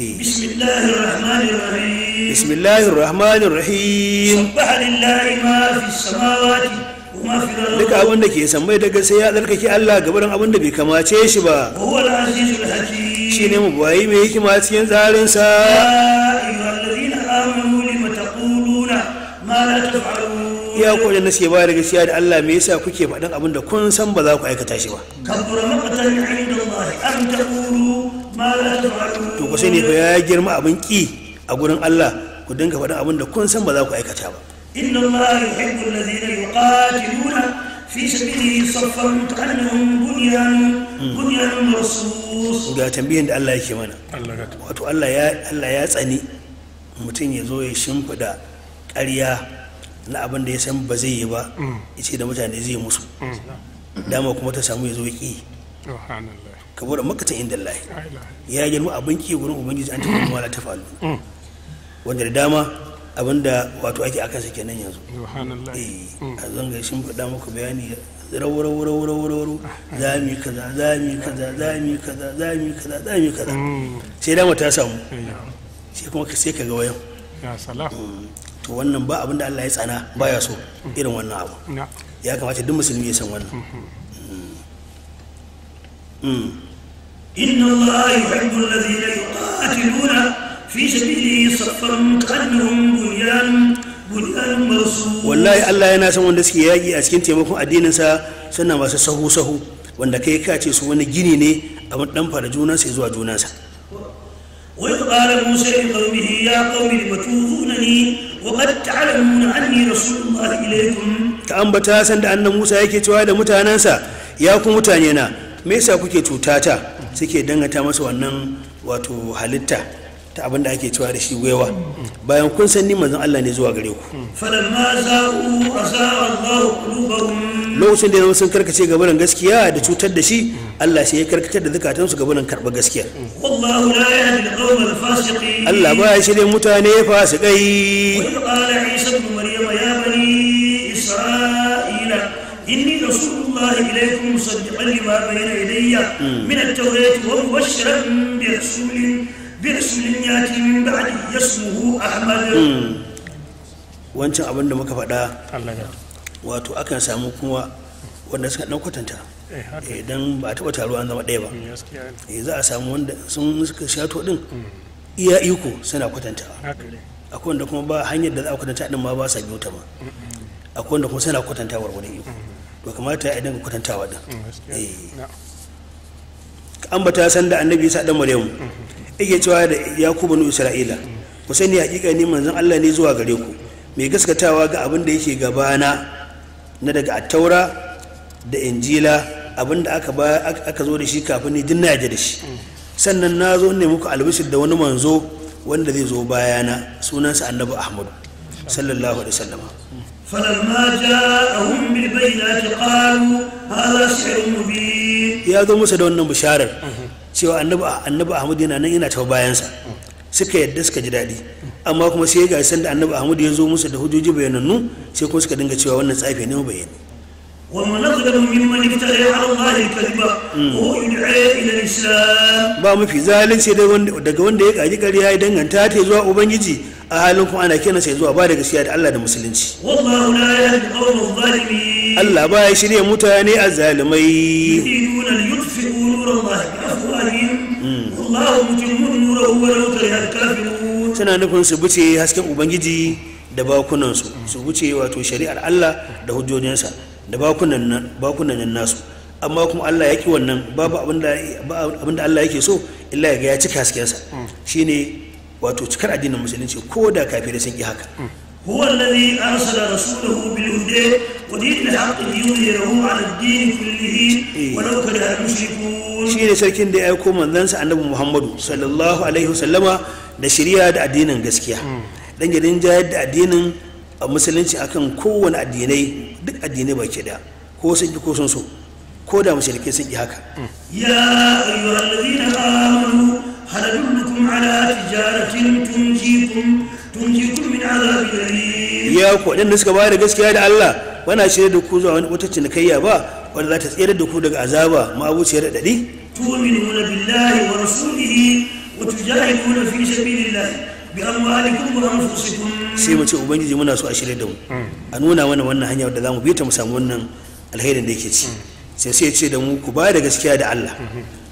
بسم الله الرحمن الرحيم بسم الله الرحمن الرحيم سبح لله ما في السماوات duka abin ke sammai daga sai ya tsarkake Allah gabarin abin da bai kamace shi ba shi ne mu bayi mai hikima cikin tsarinsa ya kwanan na ba da gaskiya da Allah me yasa kuke faɗin abin da kun san ba za ku aikata shi ba to ku sani fa ya girma abin ki a gurin Allah ku dinga faɗin abin da kun san ba za ku aikata ba inna Allah yuhibbu alladhina yuqatiluna fi sabilihi saffan kanahum bunyan hmm. bunyan rasus ga tambayan da Allah yake mana wato Allah ya Allah ya tsani mutum ya zo ya shimfida ƙarya na abin da ya san ba zai yi ba hmm. ya ce da mutane zai musu hmm. dama kuma ta samu ya zo ya ƙi ka bude makatan inda Allah ya yi girma abin ki gurin ubangiji an tafi mala ta falu mm. wanda da dama abin da wato ake akan sa kenan yanzu subhanallah eh mm. azan ga shin faɗa muku bayani rawarawarawarawarawaru za mu kaza za mu kaza za mu kaza za mu kaza za mu kaza mm. sai dama ta samu sai kuma sai ka ga wayan to wannan ba abin da Allah ya tsana baya so irin wannan abu ya kamata duk musulmi ya san wannan mm-hmm. إن الله يحب الذين يقاتلون في سبيله صفا كأنهم بنيان بنيان مرصوص والله الله yana son wanda suke yaki a cikin taimakon addinin sa sannan masu sahu sahu wanda kai ka ce su wani gini ne a dan fara junan sai zuwa junan sa wai qala musa li qaumihi ya qaumi limatuzunani wa qad ta'lamuna anni rasulullahi ilaykum ta ambata san da annan musa yake cewa da mutanansa ya ku mutane na me yasa kuke cuta ta suke dangata masa wannan wato halitta ta abin ake cewa da shi gwiwa bayan kun san ni manzon Allah ne zuwa gare ku lokacin da ya sun karkace gabanin gaskiya da cutar da shi Allah sai ya karkatar da su gabanin karɓar gaskiya Allah ba ya shirya mutane fasikai إني رسول الله إليكم مصدقا لما بين يدي من التوراة ومبشرا برسول برسول ياتي من بعد اسمه أحمد wancan abin da muka faɗa wato akan samu kuma wanda suka ɗan kwatanta idan eh, eh, ba a taɓa taruwa zama ɗaya ba hmm, eh, za a samu wanda sun suka shato ɗin iya iko suna kwatanta akwai wanda kuma ba hanyar da za a kwatanta ɗin ma ba sa biyu ta ba akwai wanda kuma suna kwatantawa wani iko to kamata ya dinga kwatantawa din mm, eh. ambata san da annabi isa dan maryamu mm, mm. yake cewa da yakubu nu isra'ila ku sani hakika ni manzon Allah ne zuwa gare ku mai gaskatawa ga abin da yake gabana na daga attaura da injila abin da aka ba aka zo da shi kafin ni dinna yaje da shi sannan na zo ne muku albishir da wani manzo wanda zai zo bayana sunansa annabi ahmadu sallallahu alaihi wasallam فلما جاءهم بالبينات قالوا هذا سحر مبين يا ذو موسى دون بشارة cewa annabi annabi Ahmad yana nan yana tawo bayansa suka yadda suka ji daɗi amma kuma sai ga da annabi Ahmad ya zo musu da hujjoji bayanannu sai kuma suka dinga cewa wannan tsafi ne bayani wa man nazala mimman ibtala ya Allah al kaliba wa yud'a ila al-islam ba mu mafi zalunci daga wanda ya kaji ƙarya ya danganta ta zuwa ubangiji a halin kuma ana kenan sai zuwa ba da gaskiya da Allah da musulunci wallahu la yahdi qawmal zalimin Allah ba ya shirye mutane azzalimai yuriduna an yutfi'u nurallahi bi afwahihim mutimmu nurahu wa law kariha kafirun Suna nufin su buce hasken ubangiji da bakunan su su buce wato shari'ar Allah da hujjojinsa da bakunan nan nasu amma kuma Allah ya ki wannan babu abinda abinda Allah yake so illa ya ga ya cika sa. shine wato cikar addinin musulunci ko da kafirai sun ki haka هو الذي أرسل رسوله بالهدى ودين الحق ليظهره على الدين كله ولو كره المشركون شيء سركين da ya koma manzansa annabi Muhammadu sallallahu alaihi wasallama da shari'a da addinin gaskiya hmm. dan gidan jayar da addinin musulunci akan kowane addinai duk addinai ba ke da ko sun ki ko sun so ko da musulmai sun ki haka hmm. ya ayyuhallazina amanu هل أدلكم على تجارة تنجيكم تنجيكم min عذاب alim ya ku wadanda suka bayar gaskiya da Allah bana shirye da ku zuwa wani wata cinikayya ba wanda za ta tsere da ku daga azaba ma abuciyar dadi tu'minuna billahi wa sai mu ce ubangiji muna so a shirye da mu a nuna mana wannan hanya da mu bi ta mu samu wannan alherin da yake ci sai sai ce da mu ku ba da gaskiya da Allah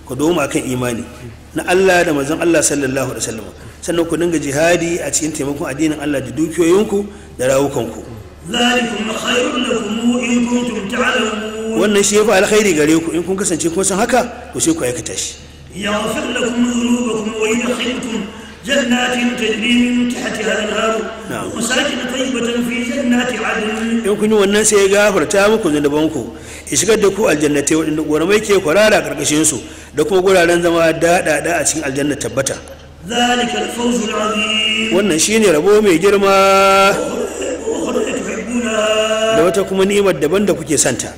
ku doma kan imani na Allah da manzon Allah sallallahu alaihi wasallam sannan ku dinga jihadi a cikin taimakon addinin Allah da dukiyoyinku da rawukanku zalikum khairun lakum in kuntum ta'lamun wannan shi yafi alkhairi gare ku in kun kasance kun san haka to sai ku aikata shi yaghfir lakum dhunubakum wa yaghfirkum جنات تجري من تحتها الانهار ومساكن طيبة في جنات عدن يمكن wannan sai ya gafarta muku zunuban ku ya shigar da ku aljannatai wadanda goramai ke kwarara karkashin su da kuma guraren zama daɗaɗa a cikin aljanna tabbata zalika alfawz alazim wannan shine rabo mai girma da wata kuma ni'imar daban da kuke santa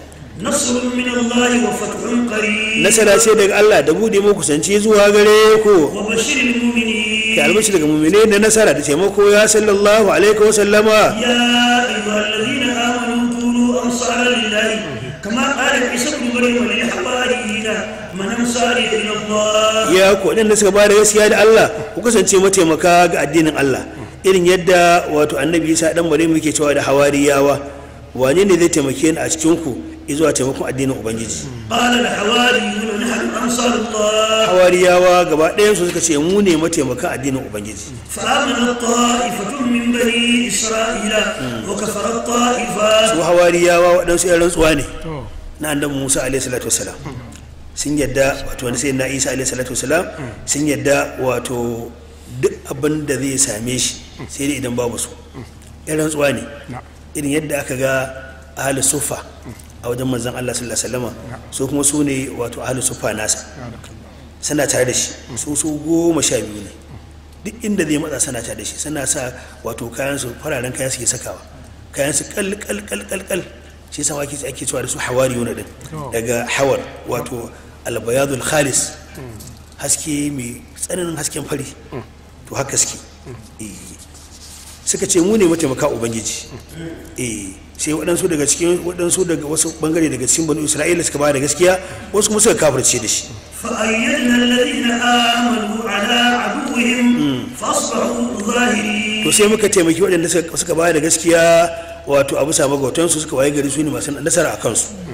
nasara sai daga Allah da buɗe muku sanci zuwa gare ku da albashi daga mummune na nasara da taimako ya sallallahu alaihi wa sallama ya ayyuhallazina amanu kunu ansara lillahi kama qala isa ibn maryam lil hawariyina man ansari ila allah ya ku da suka bada gaskiya da Allah ku kasance mataimaka ga addinin Allah irin yadda wato annabi isa dan maryam muke cewa da hawariyawa wane ne zai taimake ni a cikin ku izuwa taimakon addinin ubangiji hawariyawa gaba ɗayan su suka ce mu ne mataimakan addinin ubangiji su hawariyawa waɗansu yan rantsuwa ne na annabi musa alaihi salatu wasalam sun yadda wato wani sai na isa alaihi salatu wasalam sun yadda wato duk abin da zai same shi sai dai idan babu su yan rantsuwa ne irin yadda aka ga ahli sufa a wajen manzon Allah sallallahu alaihi wasallam so kuma su ne wato ahlus sufa nasa sana tare da shi su su goma sha biyu ne duk inda zai matsa sana tare da shi sana sa wato kayan su fararen kayan suke sakawa kayan su kal kal kal kal kal shi sa ake ake cewa da su hawariyuna din daga hawar wato albayadul khalis haske mai tsananin hasken fari to haka suke eh. suka ce mu ne mataimaka ubangiji eh sai waɗansu daga cikin waɗansu daga wasu bangare daga cikin banu isra'ila suka ba da gaskiya wasu kuma suka kafirce da shi فأيدنا الذين آمنوا على عدوهم فأصبحوا ظاهرين to sai muka taimaki waɗanda suka bayar da gaskiya wato abu sa magautansu suka waye gari su ne masu nasara a kansu